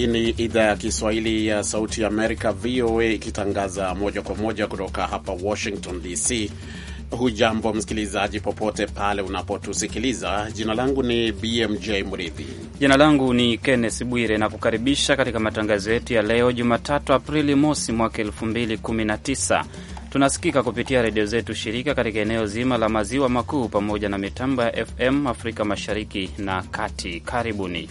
Hii ni idhaa ya Kiswahili ya Sauti ya Amerika, VOA, ikitangaza moja kwa moja kutoka hapa Washington DC. Hujambo msikilizaji, popote pale unapotusikiliza. Jina langu ni BMJ Mridhi. Jina langu ni kennes Bwire na kukaribisha katika matangazo yetu ya leo Jumatatu, Aprili mosi mwaka 2019. Tunasikika kupitia redio zetu shirika katika eneo zima la maziwa makuu pamoja na mitambo ya FM Afrika mashariki na kati. Karibuni.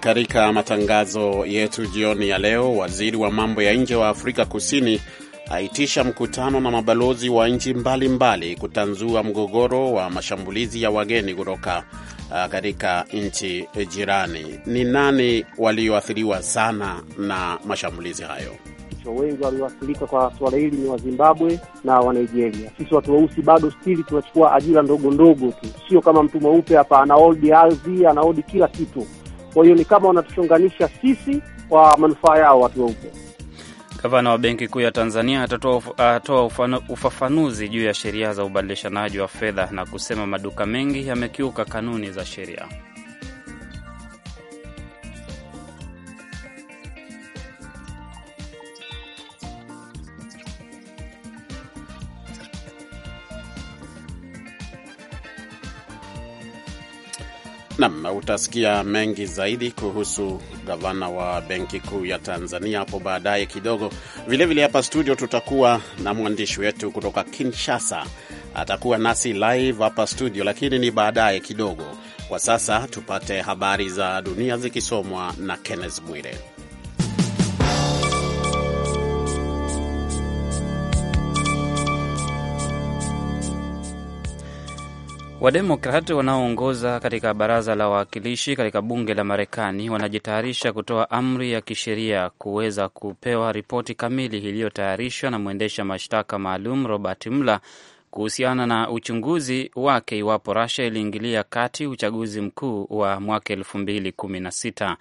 Katika matangazo yetu jioni ya leo, waziri wa mambo ya nje wa Afrika Kusini aitisha mkutano na mabalozi wa nchi mbalimbali kutanzua mgogoro wa mashambulizi ya wageni kutoka ah, katika nchi eh, jirani. Ni nani walioathiriwa sana na mashambulizi hayo? Wengi walioathirika kwa suala hili ni Wazimbabwe na Wanigeria. Sisi watu weusi bado stili tunachukua ajira ndogo ndogo tu, sio kama mtu mweupe hapa anaodi ardhi, anaodi kila kitu. Kwa hiyo ni kama wanatuchunganisha sisi kwa manufaa yao watu weupe. Gavana wa Benki Kuu ya Tanzania atatoa ufano, ufafanuzi juu ya sheria za ubadilishanaji wa fedha na kusema maduka mengi yamekiuka kanuni za sheria. Nam utasikia mengi zaidi kuhusu gavana wa benki kuu ya Tanzania hapo baadaye kidogo. Vilevile hapa studio tutakuwa na mwandishi wetu kutoka Kinshasa, atakuwa nasi live hapa studio, lakini ni baadaye kidogo. Kwa sasa tupate habari za dunia zikisomwa na Kenneth Bwire. Wademokrati wanaoongoza katika baraza la wawakilishi katika bunge la Marekani wanajitayarisha kutoa amri ya kisheria kuweza kupewa ripoti kamili iliyotayarishwa na mwendesha mashtaka maalum Robert Mueller kuhusiana na uchunguzi wake iwapo rusia iliingilia kati uchaguzi mkuu wa mwaka 2016.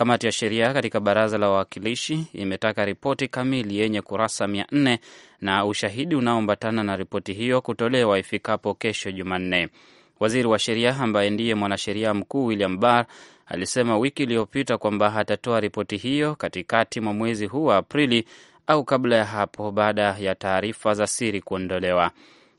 Kamati ya sheria katika baraza la wawakilishi imetaka ripoti kamili yenye kurasa mia nne na ushahidi unaoambatana na ripoti hiyo kutolewa ifikapo kesho Jumanne. Waziri wa sheria ambaye ndiye mwanasheria mkuu William Barr alisema wiki iliyopita kwamba atatoa ripoti hiyo katikati mwa mwezi huu wa Aprili au kabla ya hapo, baada ya taarifa za siri kuondolewa.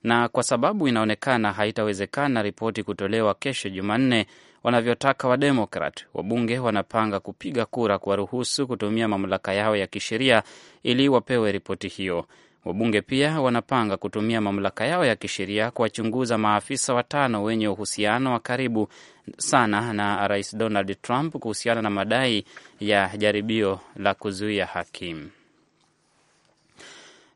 Na kwa sababu inaonekana haitawezekana ripoti kutolewa kesho Jumanne, wanavyotaka Wademokrat, wabunge wanapanga kupiga kura kuwaruhusu kutumia mamlaka yao ya kisheria ili wapewe ripoti hiyo. Wabunge pia wanapanga kutumia mamlaka yao ya kisheria kuwachunguza maafisa watano wenye uhusiano wa karibu sana na Rais Donald Trump kuhusiana na madai ya jaribio la kuzuia hakimu.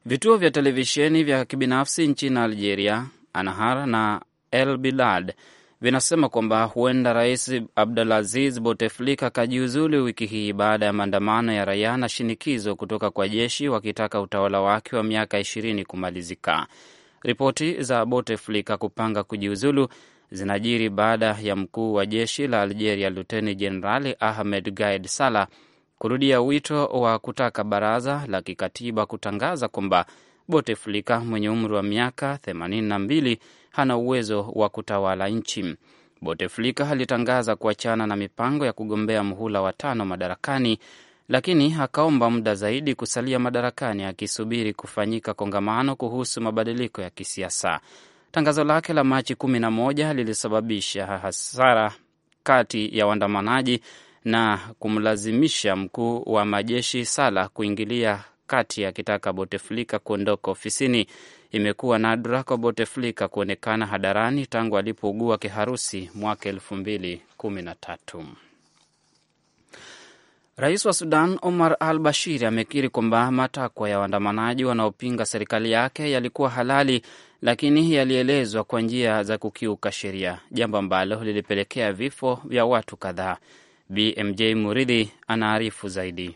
Vituo vya televisheni vya kibinafsi nchini Algeria, Anahar na El Bilad vinasema kwamba huenda Rais Abdulaziz Bouteflika akajiuzulu wiki hii baada ya maandamano ya raia na shinikizo kutoka kwa jeshi wakitaka utawala wake wa miaka ishirini kumalizika. Ripoti za Bouteflika kupanga kujiuzulu zinajiri baada ya mkuu wa jeshi la Algeria Luteni Jenerali Ahmed Gaid sala kurudia wito wa kutaka baraza la kikatiba kutangaza kwamba Bouteflika mwenye umri wa miaka mbili hana uwezo wa kutawala nchi. Bouteflika alitangaza kuachana na mipango ya kugombea mhula wa tano madarakani, lakini akaomba muda zaidi kusalia madarakani, akisubiri kufanyika kongamano kuhusu mabadiliko ya kisiasa. Tangazo lake la Machi 11 lilisababisha hasara kati ya waandamanaji na kumlazimisha mkuu wa majeshi Sala kuingilia kati akitaka Bouteflika kuondoka ofisini imekuwa nadra kwa Bouteflika kuonekana hadarani tangu alipougua kiharusi mwaka elfu mbili kumi na tatu. Rais wa Sudan Omar al Bashir amekiri kwamba matakwa ya waandamanaji wanaopinga serikali yake yalikuwa halali, lakini yalielezwa kwa njia za kukiuka sheria, jambo ambalo lilipelekea vifo vya watu kadhaa. BMJ Muridhi anaarifu zaidi.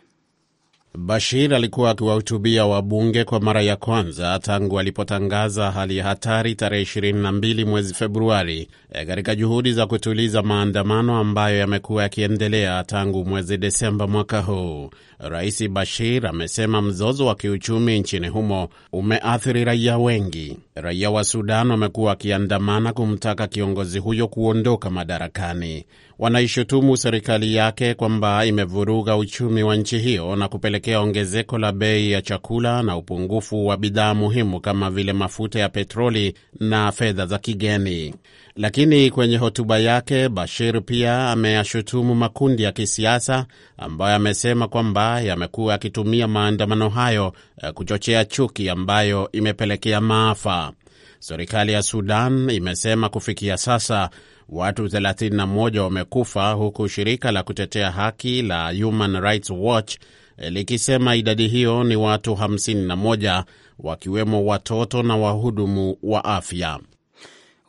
Bashir alikuwa akiwahutubia wabunge kwa mara ya kwanza tangu alipotangaza hali ya hatari tarehe 22 mwezi Februari eh, katika juhudi za kutuliza maandamano ambayo yamekuwa yakiendelea tangu mwezi Desemba mwaka huu. Rais Bashir amesema mzozo wa kiuchumi nchini humo umeathiri raia wengi. Raia wa Sudan wamekuwa wakiandamana kumtaka kiongozi huyo kuondoka madarakani wanaishutumu serikali yake kwamba imevuruga uchumi wa nchi hiyo na kupelekea ongezeko la bei ya chakula na upungufu wa bidhaa muhimu kama vile mafuta ya petroli na fedha za kigeni. Lakini kwenye hotuba yake, Bashir pia ameyashutumu makundi ya kisiasa ambayo amesema kwamba yamekuwa yakitumia maandamano hayo eh, kuchochea chuki ambayo imepelekea maafa. Serikali ya Sudan imesema kufikia sasa Watu 31 wamekufa huku shirika la kutetea haki la Human Rights Watch eh, likisema idadi hiyo ni watu 51 wakiwemo watoto na wahudumu wa afya.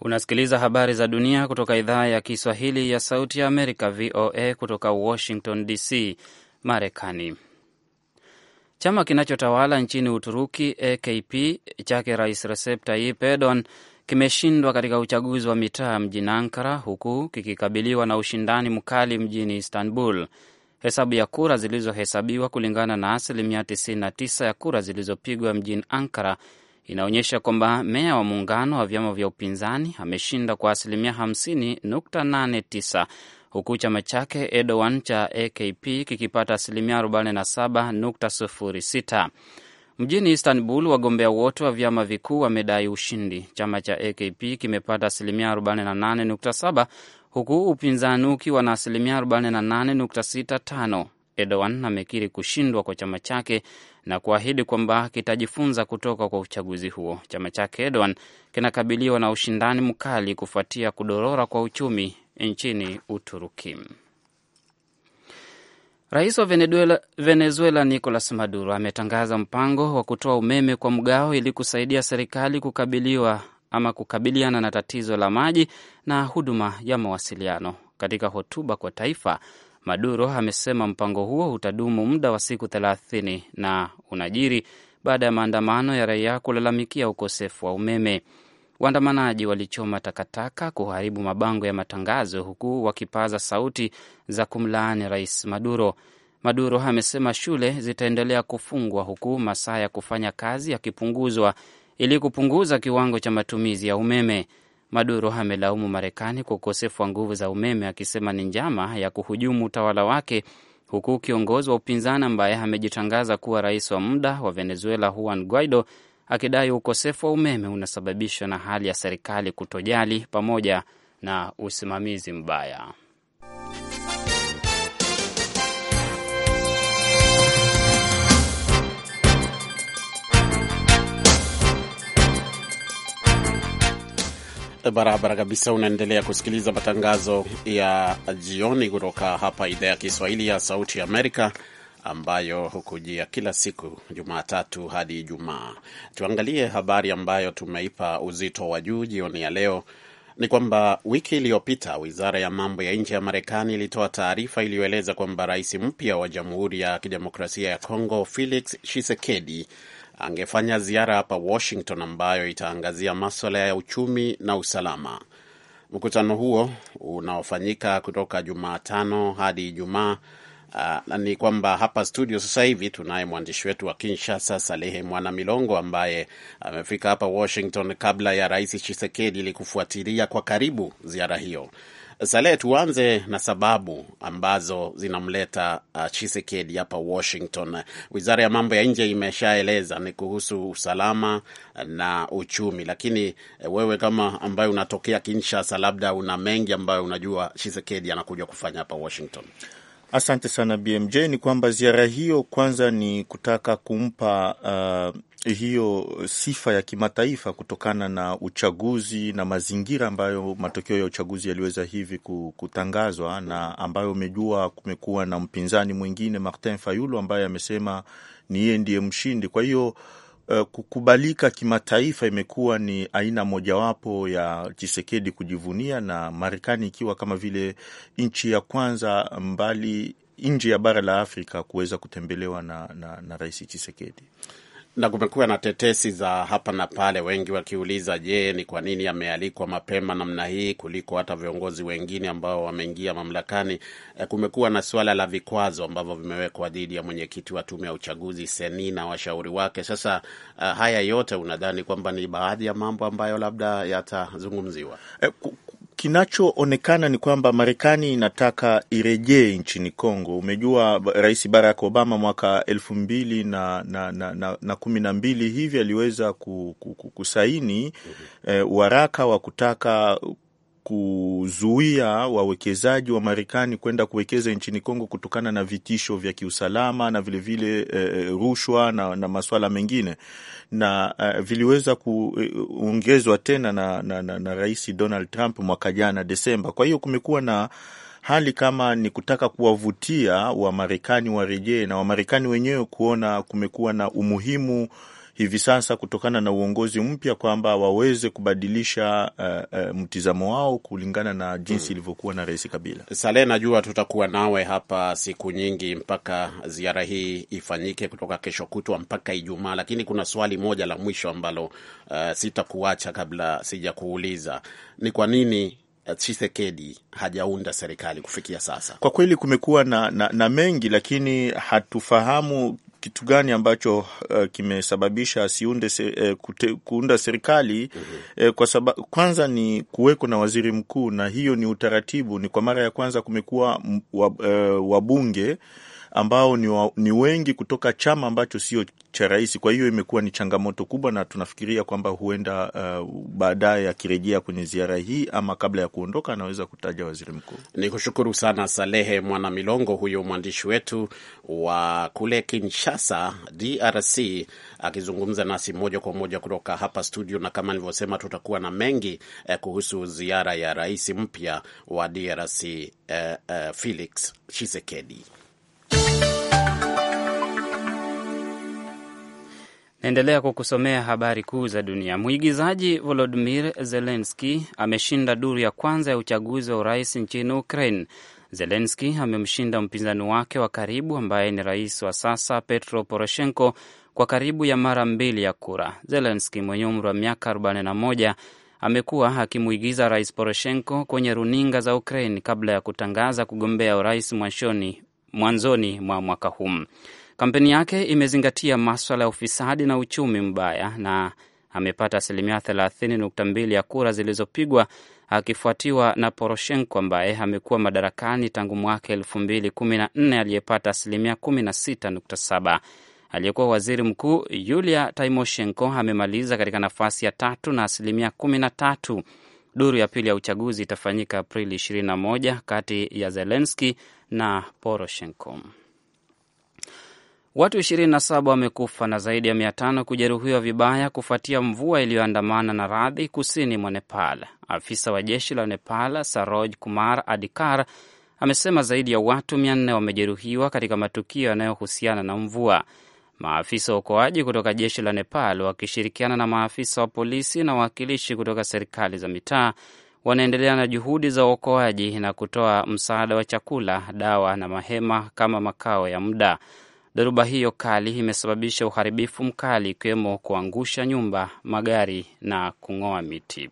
Unasikiliza habari za dunia kutoka idhaa ya Kiswahili ya Sauti ya Amerika, VOA, kutoka Washington DC, Marekani. Chama kinachotawala nchini Uturuki, AKP, chake Rais Recep Tayyip Erdogan kimeshindwa katika uchaguzi wa mitaa mjini Ankara, huku kikikabiliwa na ushindani mkali mjini Istanbul. Hesabu ya kura zilizohesabiwa kulingana na asilimia 99 ya kura zilizopigwa mjini Ankara inaonyesha kwamba meya wa muungano wa vyama vya upinzani ameshinda kwa asilimia 50.89 huku chama chake Erdogan cha AKP kikipata asilimia 47.06. Mjini Istanbul, wagombea wote wa vyama vikuu wamedai ushindi. Chama cha AKP kimepata asilimia 48.7 huku upinzani ukiwa na asilimia 48.65. Erdogan amekiri kushindwa kwa chama chake na kuahidi kwamba kitajifunza kutoka kwa uchaguzi huo. Chama chake Erdogan kinakabiliwa na ushindani mkali kufuatia kudorora kwa uchumi nchini Uturuki. Rais wa Venezuela, Venezuela Nicolas Maduro ametangaza mpango wa kutoa umeme kwa mgao ili kusaidia serikali kukabiliwa ama kukabiliana na tatizo la maji na huduma ya mawasiliano. Katika hotuba kwa taifa, Maduro amesema mpango huo utadumu muda wa siku thelathini na unajiri baada ya maandamano ya raia kulalamikia ukosefu wa umeme. Waandamanaji walichoma takataka, kuharibu mabango ya matangazo, huku wakipaza sauti za kumlaani Rais Maduro. Maduro amesema shule zitaendelea kufungwa huku masaa ya kufanya kazi yakipunguzwa ili kupunguza kiwango cha matumizi ya umeme. Maduro amelaumu Marekani kwa ukosefu wa nguvu za umeme, akisema ni njama ya kuhujumu utawala wake, huku kiongozi wa upinzani ambaye amejitangaza kuwa rais wa muda wa Venezuela Juan Guaido akidai ukosefu wa umeme unasababishwa na hali ya serikali kutojali pamoja na usimamizi mbaya. Barabara kabisa. Unaendelea kusikiliza matangazo ya jioni kutoka hapa idhaa ya Kiswahili ya Sauti ya Amerika ambayo hukujia kila siku Jumatatu hadi Ijumaa. Tuangalie habari ambayo tumeipa uzito wa juu jioni ya leo ni kwamba wiki iliyopita wizara ya mambo ya nje ya Marekani ilitoa taarifa iliyoeleza kwamba rais mpya wa Jamhuri ya Kidemokrasia ya Kongo Felix Tshisekedi angefanya ziara hapa Washington ambayo itaangazia maswala ya uchumi na usalama. Mkutano huo unaofanyika kutoka Jumatano hadi Ijumaa uh, ni kwamba hapa studio sasa hivi tunaye mwandishi wetu wa Kinshasa, Salehe Mwana Milongo, ambaye amefika hapa Washington kabla ya Rais Chisekedi ili kufuatilia kwa karibu ziara hiyo. Salehe, tuanze na sababu ambazo zinamleta uh, ah, Chisekedi hapa Washington. Wizara ya mambo ya nje imeshaeleza ni kuhusu usalama na uchumi, lakini eh, wewe kama ambayo unatokea Kinshasa, labda una mengi ambayo unajua Chisekedi anakuja kufanya hapa Washington. Asante sana BMJ. Ni kwamba ziara hiyo kwanza ni kutaka kumpa uh, hiyo sifa ya kimataifa kutokana na uchaguzi na mazingira ambayo matokeo ya uchaguzi yaliweza hivi kutangazwa na ambayo umejua, kumekuwa na mpinzani mwingine Martin Fayulu ambaye amesema ni yeye ndiye mshindi. Kwa hiyo Eh, kukubalika kimataifa imekuwa ni aina mojawapo ya Chisekedi kujivunia, na Marekani ikiwa kama vile nchi ya kwanza mbali nje ya bara la Afrika kuweza kutembelewa na, na, na Rais Chisekedi na kumekuwa na tetesi za hapa na pale, wengi wakiuliza, je, ni kwa nini amealikwa mapema namna hii kuliko hata viongozi wengine ambao wameingia mamlakani? Eh, kumekuwa na suala la vikwazo ambavyo vimewekwa dhidi ya mwenyekiti wa tume ya uchaguzi seni na washauri wake. Sasa eh, haya yote unadhani kwamba ni baadhi ya mambo ambayo labda yatazungumziwa? Eh, kinachoonekana ni kwamba Marekani inataka irejee nchini Kongo. Umejua Rais Barack Obama mwaka elfu mbili na, na, na, na, na kumi na mbili hivi aliweza kusaini mm -hmm. eh, waraka wa kutaka kuzuia wawekezaji wa Marekani kwenda kuwekeza nchini Kongo kutokana na vitisho vya kiusalama na vilevile vile, eh, eh, rushwa na, na maswala mengine na eh, viliweza kuongezwa tena na, na, na, na Rais Donald Trump mwaka jana Desemba. Kwa hiyo kumekuwa na hali kama ni kutaka kuwavutia Wamarekani warejee na Wamarekani wenyewe kuona kumekuwa na umuhimu hivi sasa kutokana na uongozi mpya kwamba waweze kubadilisha uh, uh, mtizamo wao kulingana na jinsi hmm, ilivyokuwa na Rais Kabila. Saleh, najua tutakuwa nawe hapa siku nyingi mpaka ziara hii ifanyike kutoka kesho kutwa mpaka Ijumaa, lakini kuna swali moja la mwisho ambalo uh, sitakuacha kabla sijakuuliza ni kwa nini Chisekedi hajaunda serikali kufikia sasa. Kwa kweli kumekuwa na, na, na mengi, lakini hatufahamu kitu gani ambacho uh, kimesababisha asiunde se, uh, kuunda serikali uh, kwa sababu kwanza ni kuweko na waziri mkuu, na hiyo ni utaratibu, ni kwa mara ya kwanza kumekuwa wabunge uh, ambao ni, wa, ni wengi kutoka chama ambacho sio cha rais. Kwa hiyo imekuwa ni changamoto kubwa, na tunafikiria kwamba huenda uh, baadaye akirejea kwenye ziara hii ama kabla ya kuondoka anaweza kutaja waziri mkuu. Ni kushukuru sana Salehe Mwana Milongo, huyo mwandishi wetu wa kule Kinshasa, DRC, akizungumza nasi moja kwa moja kutoka hapa studio, na kama nilivyosema, tutakuwa na mengi eh, kuhusu ziara ya rais mpya wa DRC eh, eh, Felix Tshisekedi. Naendelea kukusomea habari kuu za dunia. Mwigizaji Volodimir Zelenski ameshinda duru ya kwanza ya uchaguzi wa urais nchini Ukraine. Zelenski amemshinda mpinzani wake wa karibu ambaye ni rais wa sasa Petro Poroshenko kwa karibu ya mara mbili ya kura. Zelenski mwenye umri wa miaka 41 amekuwa akimwigiza rais Poroshenko kwenye runinga za Ukraine kabla ya kutangaza kugombea urais mwishoni mwanzoni mwa mwaka huu. Kampeni yake imezingatia maswala ya ufisadi na uchumi mbaya na amepata asilimia 30.2 ya kura zilizopigwa akifuatiwa na Poroshenko ambaye amekuwa madarakani tangu mwaka 2014 aliyepata asilimia 16.7. Aliyekuwa waziri mkuu Yulia Timoshenko amemaliza katika nafasi ya tatu na asilimia 13. Duru ya pili ya uchaguzi itafanyika Aprili 21 kati ya Zelenski na Poroshenko. Watu 27 wamekufa na zaidi ya 500 kujeruhiwa vibaya kufuatia mvua iliyoandamana na radhi kusini mwa Nepal. Afisa wa jeshi la Nepal Saroj Kumar Adikar amesema zaidi ya watu 400 wamejeruhiwa katika matukio yanayohusiana na mvua. Maafisa wa uokoaji kutoka jeshi la Nepal wakishirikiana na maafisa wa polisi na wawakilishi kutoka serikali za mitaa wanaendelea na juhudi za uokoaji na kutoa msaada wa chakula, dawa na mahema kama makao ya muda. Dhoruba hiyo kali imesababisha uharibifu mkali, ikiwemo kuangusha nyumba, magari na kung'oa miti.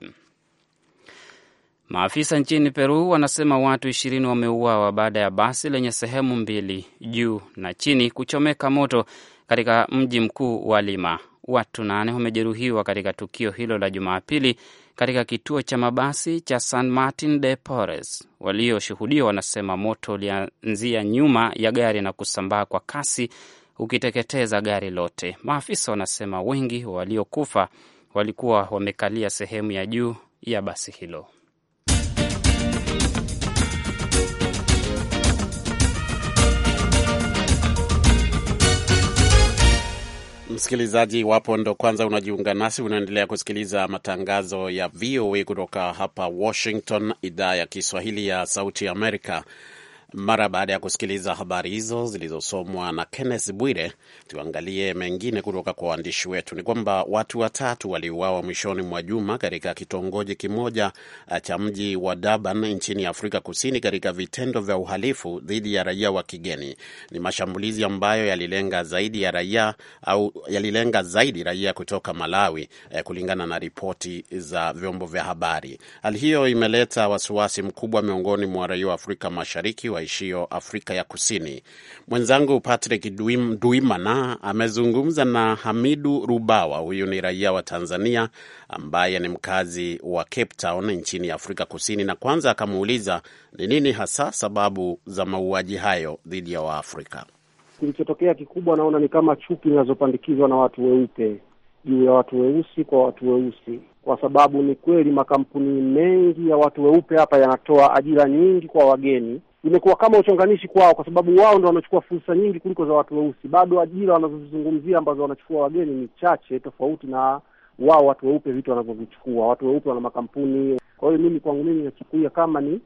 Maafisa nchini Peru wanasema watu ishirini wameuawa baada ya basi lenye sehemu mbili juu na chini kuchomeka moto katika mji mkuu wa Lima. Watu nane wamejeruhiwa katika tukio hilo la Jumapili katika kituo cha mabasi cha San Martin de Porres. Walioshuhudia wanasema moto ulianzia nyuma ya gari na kusambaa kwa kasi ukiteketeza gari lote. Maafisa wanasema wengi waliokufa walikuwa wamekalia sehemu ya juu ya basi hilo. Msikilizaji, iwapo ndo kwanza unajiunga nasi, unaendelea kusikiliza matangazo ya VOA kutoka hapa Washington, idhaa ya Kiswahili ya Sauti ya Amerika. Mara baada ya kusikiliza habari hizo zilizosomwa na Kenneth Bwire, tuangalie mengine kutoka kwa waandishi wetu. Ni kwamba watu watatu waliuawa mwishoni mwa juma katika kitongoji kimoja eh, cha mji wa Durban nchini Afrika Kusini katika vitendo vya uhalifu dhidi ya raia wa kigeni. Ni mashambulizi ambayo yalilenga zaidi ya raia au yalilenga zaidi raia kutoka Malawi, eh, kulingana na ripoti za vyombo vya habari. Hali hiyo imeleta wasiwasi mkubwa miongoni mwa raia wa Afrika Mashariki waishio Afrika ya Kusini. Mwenzangu Patrick Duimana amezungumza na Hamidu Rubawa, huyu ni raia wa Tanzania ambaye ni mkazi wa Cape Town nchini Afrika Kusini, na kwanza akamuuliza ni nini hasa sababu za mauaji hayo dhidi ya Waafrika. Kilichotokea kikubwa, naona ni kama chuki zinazopandikizwa na watu weupe juu ya watu weusi kwa watu weusi, kwa sababu ni kweli makampuni mengi ya watu weupe hapa yanatoa ajira nyingi kwa wageni, imekuwa kama uchonganishi kwao, kwa sababu wao ndo wanachukua fursa nyingi kuliko za watu weusi. Bado ajira wanazozizungumzia ambazo wanachukua wageni ni chache, tofauti na wao watu weupe vitu wanavyovichukua. Watu weupe wana makampuni. Kwa hiyo mimi kwangu mimi nachukulia kama ni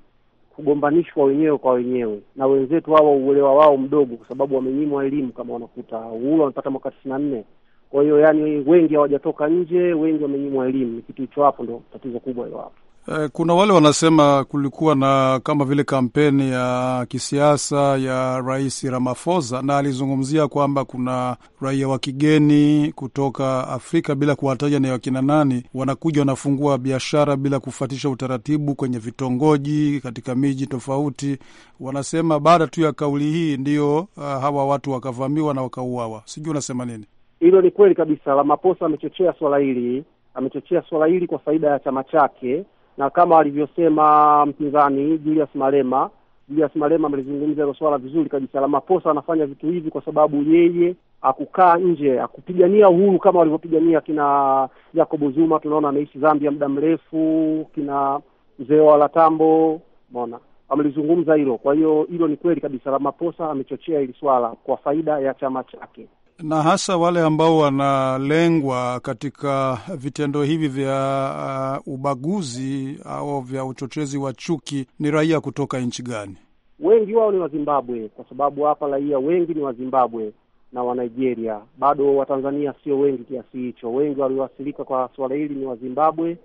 kugombanishwa wenyewe kwa wenyewe na wenzetu, hawa uelewa wao mdogo, kwa sababu wamenyimwa elimu. Kama wanakuta uhuru wamepata mwaka tisini na nne, kwa hiyo yani wengi hawajatoka nje, wengi wamenyimwa elimu. Ni kitu hicho, hapo ndo tatizo kubwa hilo hapo. Eh, kuna wale wanasema kulikuwa na kama vile kampeni ya kisiasa ya Rais ramafosa na alizungumzia kwamba kuna raia wa kigeni kutoka Afrika bila kuwataja ni wakina nani, wanakuja wanafungua biashara bila kufuatisha utaratibu kwenye vitongoji, katika miji tofauti. Wanasema baada tu ya kauli hii ndiyo uh, eh, hawa watu wakavamiwa na wakauawa. Sijui unasema nini? Hilo ni kweli kabisa. Ramaphosa amechochea swala hili, amechochea swala hili kwa faida ya chama chake na kama alivyosema mpinzani Julius Malema, Julius Malema amelizungumza hilo swala vizuri kabisa. Ramaphosa anafanya vitu hivi kwa sababu yeye akukaa nje, akupigania uhuru kama walivyopigania kina Jacob Zuma. Tunaona ameishi Zambia muda mrefu, kina mzee wa Latambo, umeona amelizungumza hilo. Kwa hiyo hilo ni kweli kabisa, Ramaphosa amechochea hili swala kwa faida ya chama chake na hasa wale ambao wanalengwa katika vitendo hivi vya uh, ubaguzi au vya uchochezi wa chuki ni raia kutoka nchi gani? Wengi wao ni Wazimbabwe, kwa sababu hapa raia wengi ni Wazimbabwe na Wanigeria. Bado Watanzania sio wengi kiasi hicho. Wengi waliowasilika kwa suala hili ni Wazimbabwe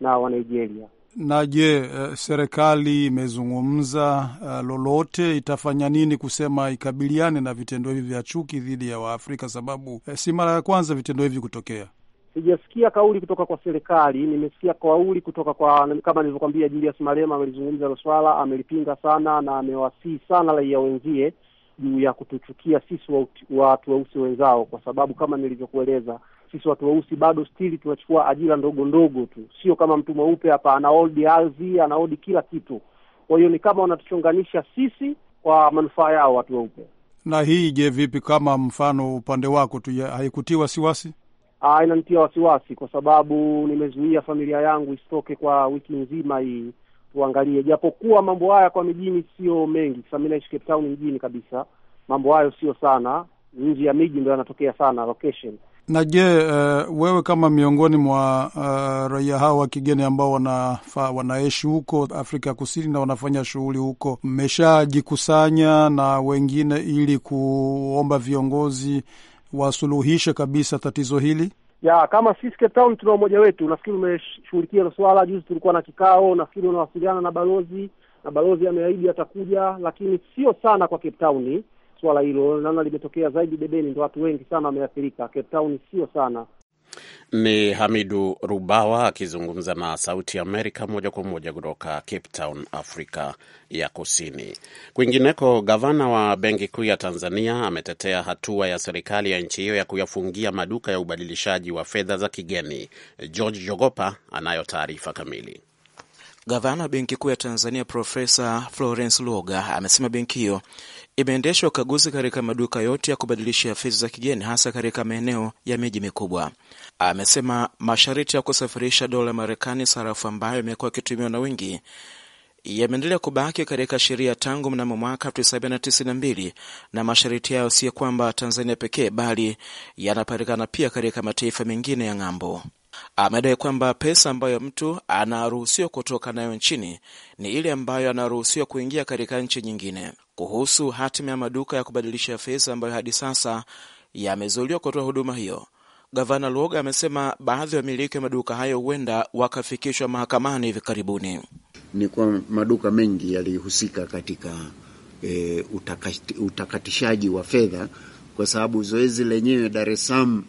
na Wanigeria. Na je, uh, serikali imezungumza uh, lolote? Itafanya nini kusema ikabiliane na vitendo hivi vya chuki dhidi ya Waafrika? Sababu uh, si mara ya kwanza vitendo hivi kutokea. Sijasikia kauli kutoka kwa serikali, nimesikia kauli kutoka kwa, kama nilivyokwambia, Julius Malema amelizungumza hilo swala, amelipinga sana na amewasihi sana raia wenzie juu ya kutuchukia sisi watu weusi wenzao, kwa sababu kama nilivyokueleza sisi watu weusi bado stili tunachukua ajira ndogo ndogo tu, sio kama mtu mweupe hapa anaodi ardhi, anaodi kila kitu. Kwa hiyo ni kama wanatuchonganisha sisi kwa manufaa yao watu weupe. Na hii je, vipi kama mfano upande wako tu, haikutii wasiwasi? Ah, inanitia wasiwasi kwa sababu nimezuia familia yangu isitoke kwa wiki nzima hii, tuangalie. Japokuwa mambo haya kwa mijini sio mengi, sasa mimi naishi Cape Town mjini kabisa, mambo hayo sio sana, nje ya miji ndo yanatokea sana location na je, uh, wewe kama miongoni mwa uh, raia hao wa kigeni ambao wanaishi huko Afrika Kusini na wanafanya shughuli huko, mmeshajikusanya na wengine ili kuomba viongozi wasuluhishe kabisa tatizo hili? Ya, kama sisi Cape Town tuna umoja wetu, nafikiri umeshughulikia hilo swala. Juzi tulikuwa na kikao, nafikiri unawasiliana na balozi na balozi ameahidi atakuja, lakini sio sana kwa Cape Town swala hilo, naona limetokea zaidi Debeni, ndo watu wengi sana wameathirika. Cape Town sio sana. Ni Hamidu Rubawa akizungumza na Sauti ya Amerika moja kwa moja kutoka Cape Town, Afrika ya Kusini. Kwingineko, gavana wa Benki Kuu ya Tanzania ametetea hatua ya serikali ya nchi hiyo ya kuyafungia maduka ya ubadilishaji wa fedha za kigeni. George Jogopa anayo taarifa kamili. Gavana wa Benki Kuu ya Tanzania Profesa Florence Luoga amesema benki hiyo imeendesha ukaguzi katika maduka yote ya kubadilishia fedha za kigeni hasa katika maeneo ya miji mikubwa. Amesema masharti ya kusafirisha dola Marekani, sarafu ambayo imekuwa ikitumiwa na wengi, yameendelea kubaki katika sheria tangu mnamo mwaka 1992 na masharti hayo si kwamba Tanzania pekee, bali yanapatikana pia katika mataifa mengine ya ng'ambo. Amedai kwamba pesa ambayo mtu anaruhusiwa kutoka nayo nchini ni ile ambayo anaruhusiwa kuingia katika nchi nyingine kuhusu hatima ya maduka ya kubadilisha fedha ambayo hadi sasa yamezuiliwa kutoa huduma hiyo. Gavana Luoga amesema baadhi ya wamiliki wa maduka hayo huenda wakafikishwa mahakamani hivi karibuni. Ni kwa maduka mengi yalihusika katika e, utakati, utakatishaji wa fedha, kwa sababu zoezi lenyewe Dar es Salaam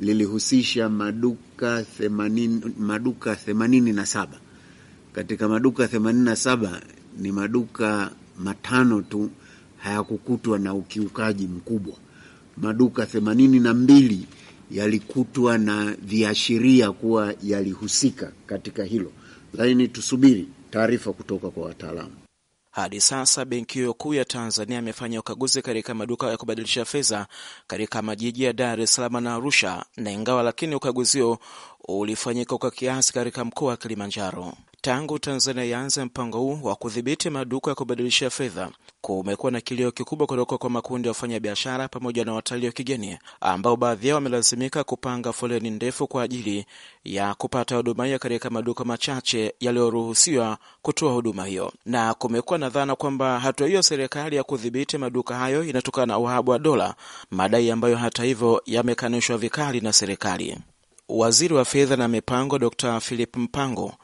lilihusisha maduka themanini, maduka themanini na saba. Katika maduka themanini na saba ni maduka matano tu hayakukutwa na ukiukaji mkubwa. Maduka themanini na mbili yalikutwa na viashiria kuwa yalihusika katika hilo, lakini tusubiri taarifa kutoka kwa wataalamu. Hadi sasa benki hiyo kuu ya Tanzania imefanya ukaguzi katika maduka ya kubadilisha fedha katika majiji ya Dar es Salaam na Arusha, na ingawa lakini ukaguzi huo ulifanyika kwa kiasi katika mkoa wa Kilimanjaro. Tangu Tanzania yaanze mpango huu wa kudhibiti maduka ya kubadilishia fedha, kumekuwa na kilio kikubwa kutoka kwa makundi ya wafanyabiashara pamoja na watalii wa kigeni, ambao baadhi yao wamelazimika kupanga foleni ndefu kwa ajili ya kupata huduma hiyo katika maduka machache yaliyoruhusiwa kutoa huduma hiyo, na kumekuwa na dhana kwamba hatua hiyo serikali ya kudhibiti maduka hayo inatokana na uhaba wa dola, madai ambayo hata hivyo yamekanishwa vikali na serikali. Waziri wa Fedha na Mipango dr Philip Mpango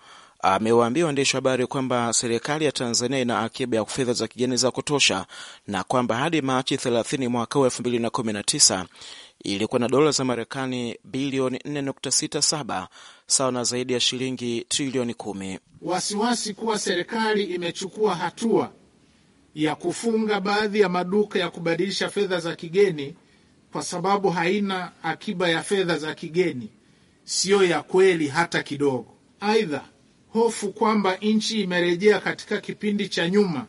amewaambia waandishi wa habari kwamba serikali ya Tanzania ina akiba ya fedha za kigeni za kutosha na kwamba hadi Machi 30 mwaka wa 2019 ilikuwa na dola za Marekani bilioni 4.67 sawa na zaidi ya shilingi trilioni 1 Wasiwasi kuwa serikali imechukua hatua ya kufunga baadhi ya maduka ya kubadilisha fedha za kigeni kwa sababu haina akiba ya fedha za kigeni siyo ya kweli hata kidogo. Aidha, hofu kwamba nchi imerejea katika kipindi cha nyuma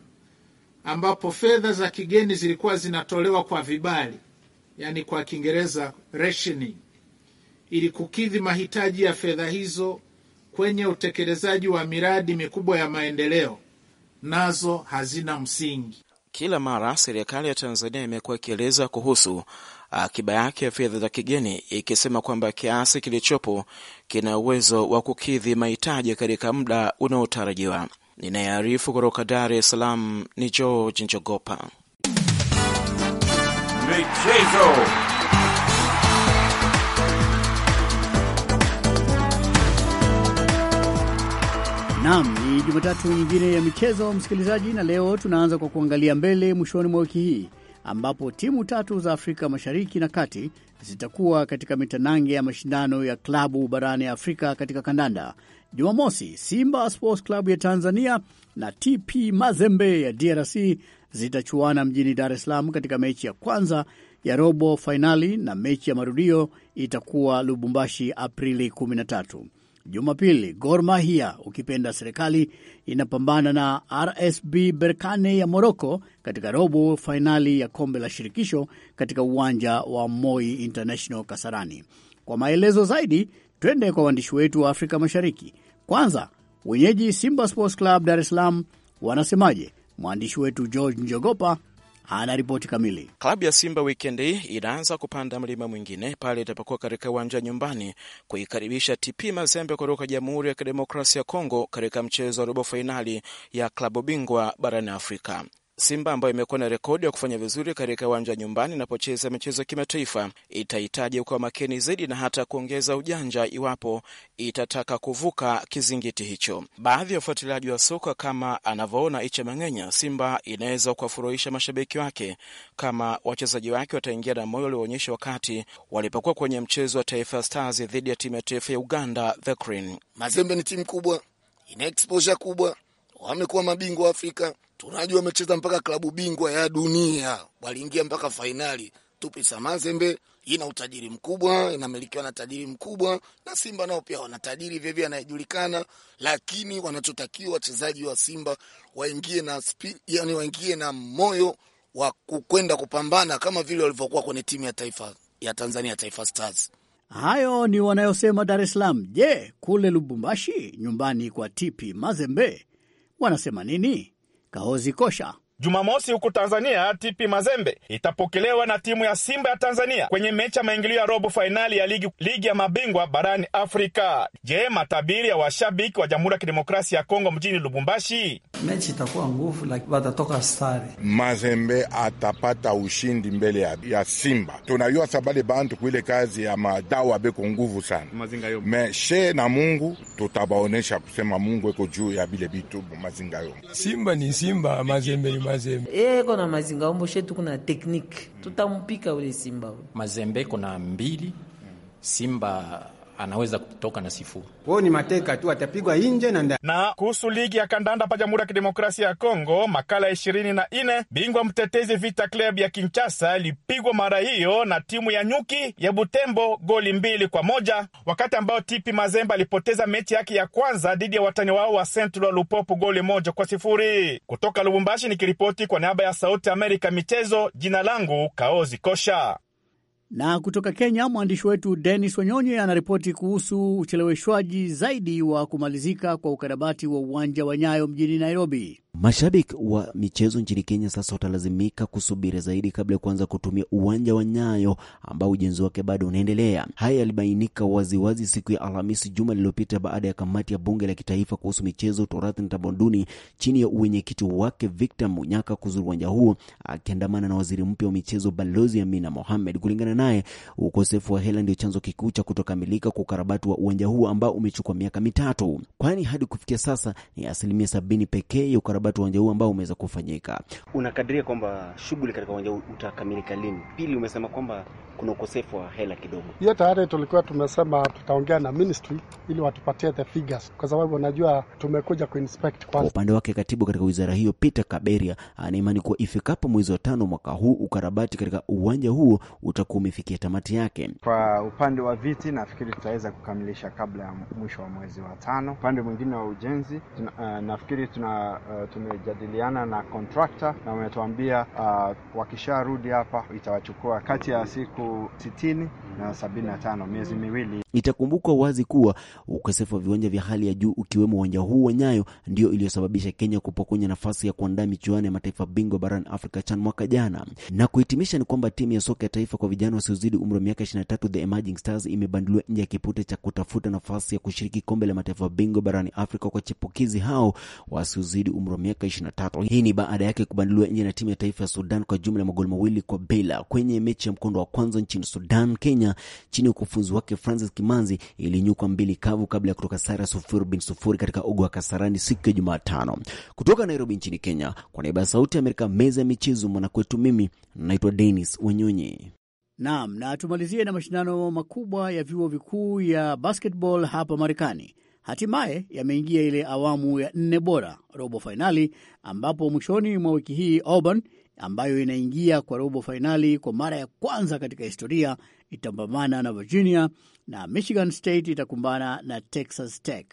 ambapo fedha za kigeni zilikuwa zinatolewa kwa vibali, yani kwa Kiingereza rationing, ili kukidhi mahitaji ya fedha hizo kwenye utekelezaji wa miradi mikubwa ya maendeleo, nazo hazina msingi. Kila mara serikali ya Tanzania imekuwa ikieleza kuhusu akiba yake ya fedha za kigeni ikisema kwamba kiasi kilichopo kina uwezo wa kukidhi mahitaji katika muda unaotarajiwa. Ninayearifu kutoka Dar es Salaam ni George Njogopa. Michezo. Nam, ni Jumatatu nyingine ya michezo msikilizaji, na leo tunaanza kwa kuangalia mbele mwishoni mwa wiki hii ambapo timu tatu za Afrika Mashariki na Kati zitakuwa katika mitanange ya mashindano ya klabu barani Afrika katika kandanda. Jumamosi, Simba Sports Club ya Tanzania na TP Mazembe ya DRC zitachuana mjini Dar es Salaam katika mechi ya kwanza ya robo fainali, na mechi ya marudio itakuwa Lubumbashi Aprili 13. Jumapili, Gor Mahia ukipenda serikali inapambana na RSB Berkane ya Moroko katika robo fainali ya kombe la shirikisho katika uwanja wa Moi International Kasarani. Kwa maelezo zaidi, twende kwa waandishi wetu wa Afrika Mashariki. Kwanza, wenyeji Simba Sports Club Dar es Salaam wanasemaje? Mwandishi wetu George Njogopa ana ripoti kamili. Klabu ya Simba wikendi hii inaanza kupanda mlima mwingine pale itapokuwa katika uwanja nyumbani kuikaribisha TP Mazembe kutoka Jamhuri ya Kidemokrasia ya Kongo katika mchezo wa robo fainali ya klabu bingwa barani Afrika. Simba ambayo imekuwa na rekodi ya kufanya vizuri katika uwanja nyumbani inapocheza michezo ya kimataifa itahitaji kuwa makini zaidi na hata kuongeza ujanja iwapo itataka kuvuka kizingiti hicho. Baadhi ya ufuatiliaji wa soka kama anavyoona Icha Mang'enya, Simba inaweza kuwafurahisha mashabiki wake kama wachezaji wake wataingia na moyo walioonyesha wakati walipokuwa kwenye mchezo wa Taifa Stars dhidi ya timu ya taifa ya Uganda, the Mazembe ni timu kubwa, ina exposure kubwa, wamekuwa mabingwa Afrika tunajua wamecheza mpaka klabu bingwa ya dunia, waliingia mpaka fainali. TP Mazembe ina utajiri mkubwa, inamilikiwa na tajiri mkubwa, na Simba nao pia wana tajiri vyevye anayejulikana, lakini wanachotakiwa wachezaji wa Simba waingie na spi, yani waingie na moyo wa kwenda kupambana kama vile walivyokuwa kwenye timu ya taifa ya Tanzania, Taifa Stars. Hayo ni wanayosema Dar es Salaam. Je, kule Lubumbashi, nyumbani kwa TP Mazembe, wanasema nini? Kahozi Kosha. Jumamosi huku Tanzania, TP Mazembe itapokelewa na timu ya Simba ya Tanzania kwenye mechi ya maingilio ya robo fainali ya ligi, ligi ya mabingwa barani Afrika. Je, matabiri ya washabiki wa Jamhuri ya Kidemokrasia ya Kongo mjini Lubumbashi? Mechi itakuwa nguvu, like, watatoka sare. Mazembe atapata ushindi mbele ya, ya Simba. Tunajua sabali bantu kuile kazi ya madawa beko nguvu sana meshe na Mungu tutabaonesha kusema Mungu eko juu ya bile bitu mazinga yo. Simba ni Simba, Mazembe ni mazembe Eh, kona mazinga ombo shetu kuna technique. tutampika ule simba ule. Mazembe kuna mbili simba anaweza kutoka na sifuri. Wao ni mateka tu, atapigwa nje na ndani. Na kuhusu ligi ya kandanda pa Jamhuri ya Kidemokrasia ya Kongo, makala ya ishirini na nne, bingwa mtetezi Vita Club ya Kinshasa ilipigwa mara hiyo na timu ya Nyuki ya Butembo goli mbili kwa moja, wakati ambao tipi mazemba alipoteza mechi yake ya kwanza dhidi ya watani wao wa Central Eloi Lupopo goli moja kwa sifuri. Kutoka Lubumbashi nikiripoti kwa niaba ya Sauti Amerika michezo, jina langu Kaozi Kosha. Na kutoka Kenya, mwandishi wetu Denis Wanyonye anaripoti kuhusu ucheleweshwaji zaidi wa kumalizika kwa ukarabati wa uwanja wa Nyayo mjini Nairobi. Mashabiki wa michezo nchini Kenya sasa watalazimika kusubiri zaidi kabla ya kuanza kutumia uwanja wa Nyayo ambao ujenzi wake bado unaendelea. Haya yalibainika waziwazi siku ya Alhamisi juma lililopita baada ya kamati ya bunge la kitaifa kuhusu michezo, torathi na tamaduni chini ya uwenyekiti wake Victor Munyaka kuzuru uwanja huo akiandamana na waziri mpya wa michezo Balozi Amina Mohamed. Kulingana naye, ukosefu wa hela ndio chanzo kikuu cha kutokamilika kwa ukarabati wa uwanja huo ambao umechukua miaka mitatu, kwani hadi kufikia sasa ni asilimia sabini pekee ya ukarabati uwanja huu ambao umeweza kufanyika. Unakadiria kwamba shughuli katika uwanja huu utakamilika lini? Pili, umesema kwamba kuna ukosefu wa hela kidogo. Hiyo tayari tulikuwa tumesema tutaongea na ministry ili watupatie the figures, kwa sababu unajua tumekuja kuinspect kwanza. Kwa upande wake, katibu katika wizara hiyo Peter Kaberia anaimani kuwa ifikapo mwezi wa tano mwaka huu ukarabati katika uwanja huo utakuwa umefikia tamati yake. Kwa upande wa viti, nafikiri tutaweza kukamilisha kabla ya mwisho wa mwezi wa tano. Upande mwingine wa ujenzi, eh, nafikiri tuna eh, tumejadiliana na kontrakta na wametuambia uh, wakisharudi hapa itawachukua kati ya siku sitini na sabini na tano miezi miwili. Itakumbukwa wazi kuwa ukosefu wa viwanja vya hali ya juu ukiwemo uwanja huu wa Nyayo ndio iliyosababisha Kenya kupokonya nafasi ya kuandaa michuano ya mataifa bingwa barani Afrika CHAN mwaka jana. Na kuhitimisha ni kwamba timu ya soka ya taifa kwa vijana wasiozidi umri wa miaka 23 The Emerging Stars imebanduliwa nje ya kipute cha kutafuta nafasi ya kushiriki kombe la mataifa bingwa barani Afrika kwa chipukizi hao wasiozidi umri miaka 23. Hii ni baada yake kubanduliwa nje na timu ya taifa ya Sudan kwa jumla ya magoli mawili kwa bila kwenye mechi ya mkondo wa kwanza nchini Sudan. Kenya chini ya ukufunzi wake Francis Kimanzi ilinyukwa mbili kavu kabla ya kutoka sare sufuri bin sufuri katika ugo wa Kasarani siku ya Jumatano. Kutoka Nairobi nchini Kenya, kwa niaba ya Sauti ya Amerika, meza ya michezo mwanakwetu, mimi naitwa Denis Wanyonyi. Naam, na tumalizie na mashindano makubwa ya vyuo vikuu ya basketball hapa Marekani hatimaye yameingia ile awamu ya nne bora, robo fainali, ambapo mwishoni mwa wiki hii Auburn ambayo inaingia kwa robo fainali kwa mara ya kwanza katika historia itapambana na Virginia na Michigan State itakumbana na Texas Tech.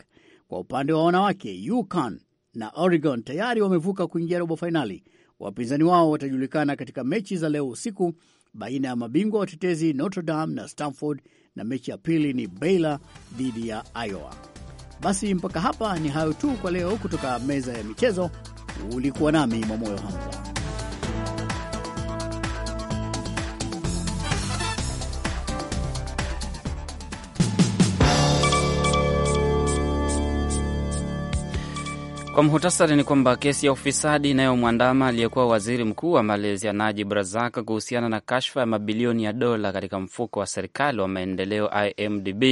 Kwa upande wa wanawake, UConn na Oregon tayari wamevuka kuingia robo fainali. Wapinzani wao watajulikana katika mechi za leo usiku baina ya mabingwa watetezi Notre Dame na Stanford, na mechi ya pili ni Baylor dhidi ya Iowa. Basi mpaka hapa ni hayo tu kwa leo, kutoka meza ya michezo. Ulikuwa nami Mwamoyo Hamza. Kwa muhtasari ni kwamba kesi ya ufisadi inayomwandama aliyekuwa waziri mkuu wa Malaysia Najib Razak kuhusiana na kashfa ya mabilioni ya dola katika mfuko wa serikali wa maendeleo IMDB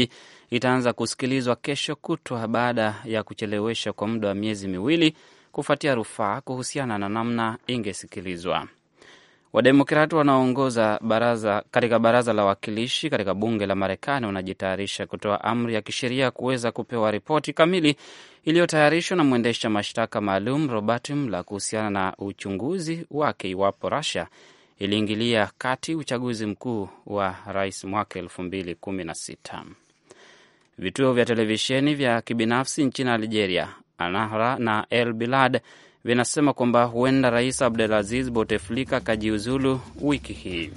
itaanza kusikilizwa kesho kutwa baada ya kucheleweshwa kwa muda wa miezi miwili kufuatia rufaa kuhusiana na namna ingesikilizwa. Wademokrati wanaoongoza baraza katika baraza la wawakilishi katika bunge la Marekani wanajitayarisha kutoa amri ya kisheria kuweza kupewa ripoti kamili iliyotayarishwa na mwendesha mashtaka maalum Robert Mueller kuhusiana na uchunguzi wake iwapo Russia iliingilia kati uchaguzi mkuu wa rais mwaka elfu mbili kumi na sita. Vituo vya televisheni vya kibinafsi nchini Algeria, Anahra na El Bilad, vinasema kwamba huenda Rais Abdelaziz Bouteflika kajiuzulu wiki hii.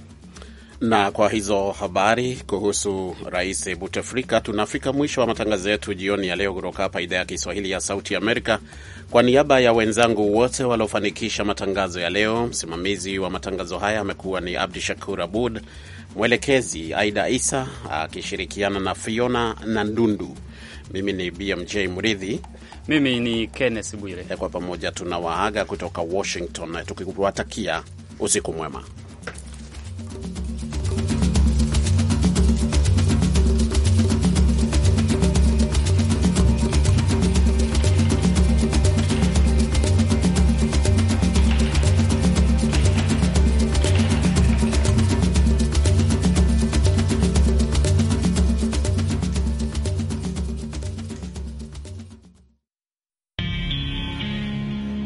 Na kwa hizo habari kuhusu Rais Buteflika, tunafika mwisho wa matangazo yetu jioni ya leo kutoka hapa idhaa ya Kiswahili ya Sauti Amerika. Kwa niaba ya wenzangu wote waliofanikisha matangazo ya leo, msimamizi wa matangazo haya amekuwa ni Abdu Shakur Abud, mwelekezi Aida Isa akishirikiana na Fiona na Ndundu. Mimi ni BMJ Mridhi, mimi ni Kenneth Bwire. E, kwa pamoja tunawaaga kutoka Washington tukiwatakia usiku mwema.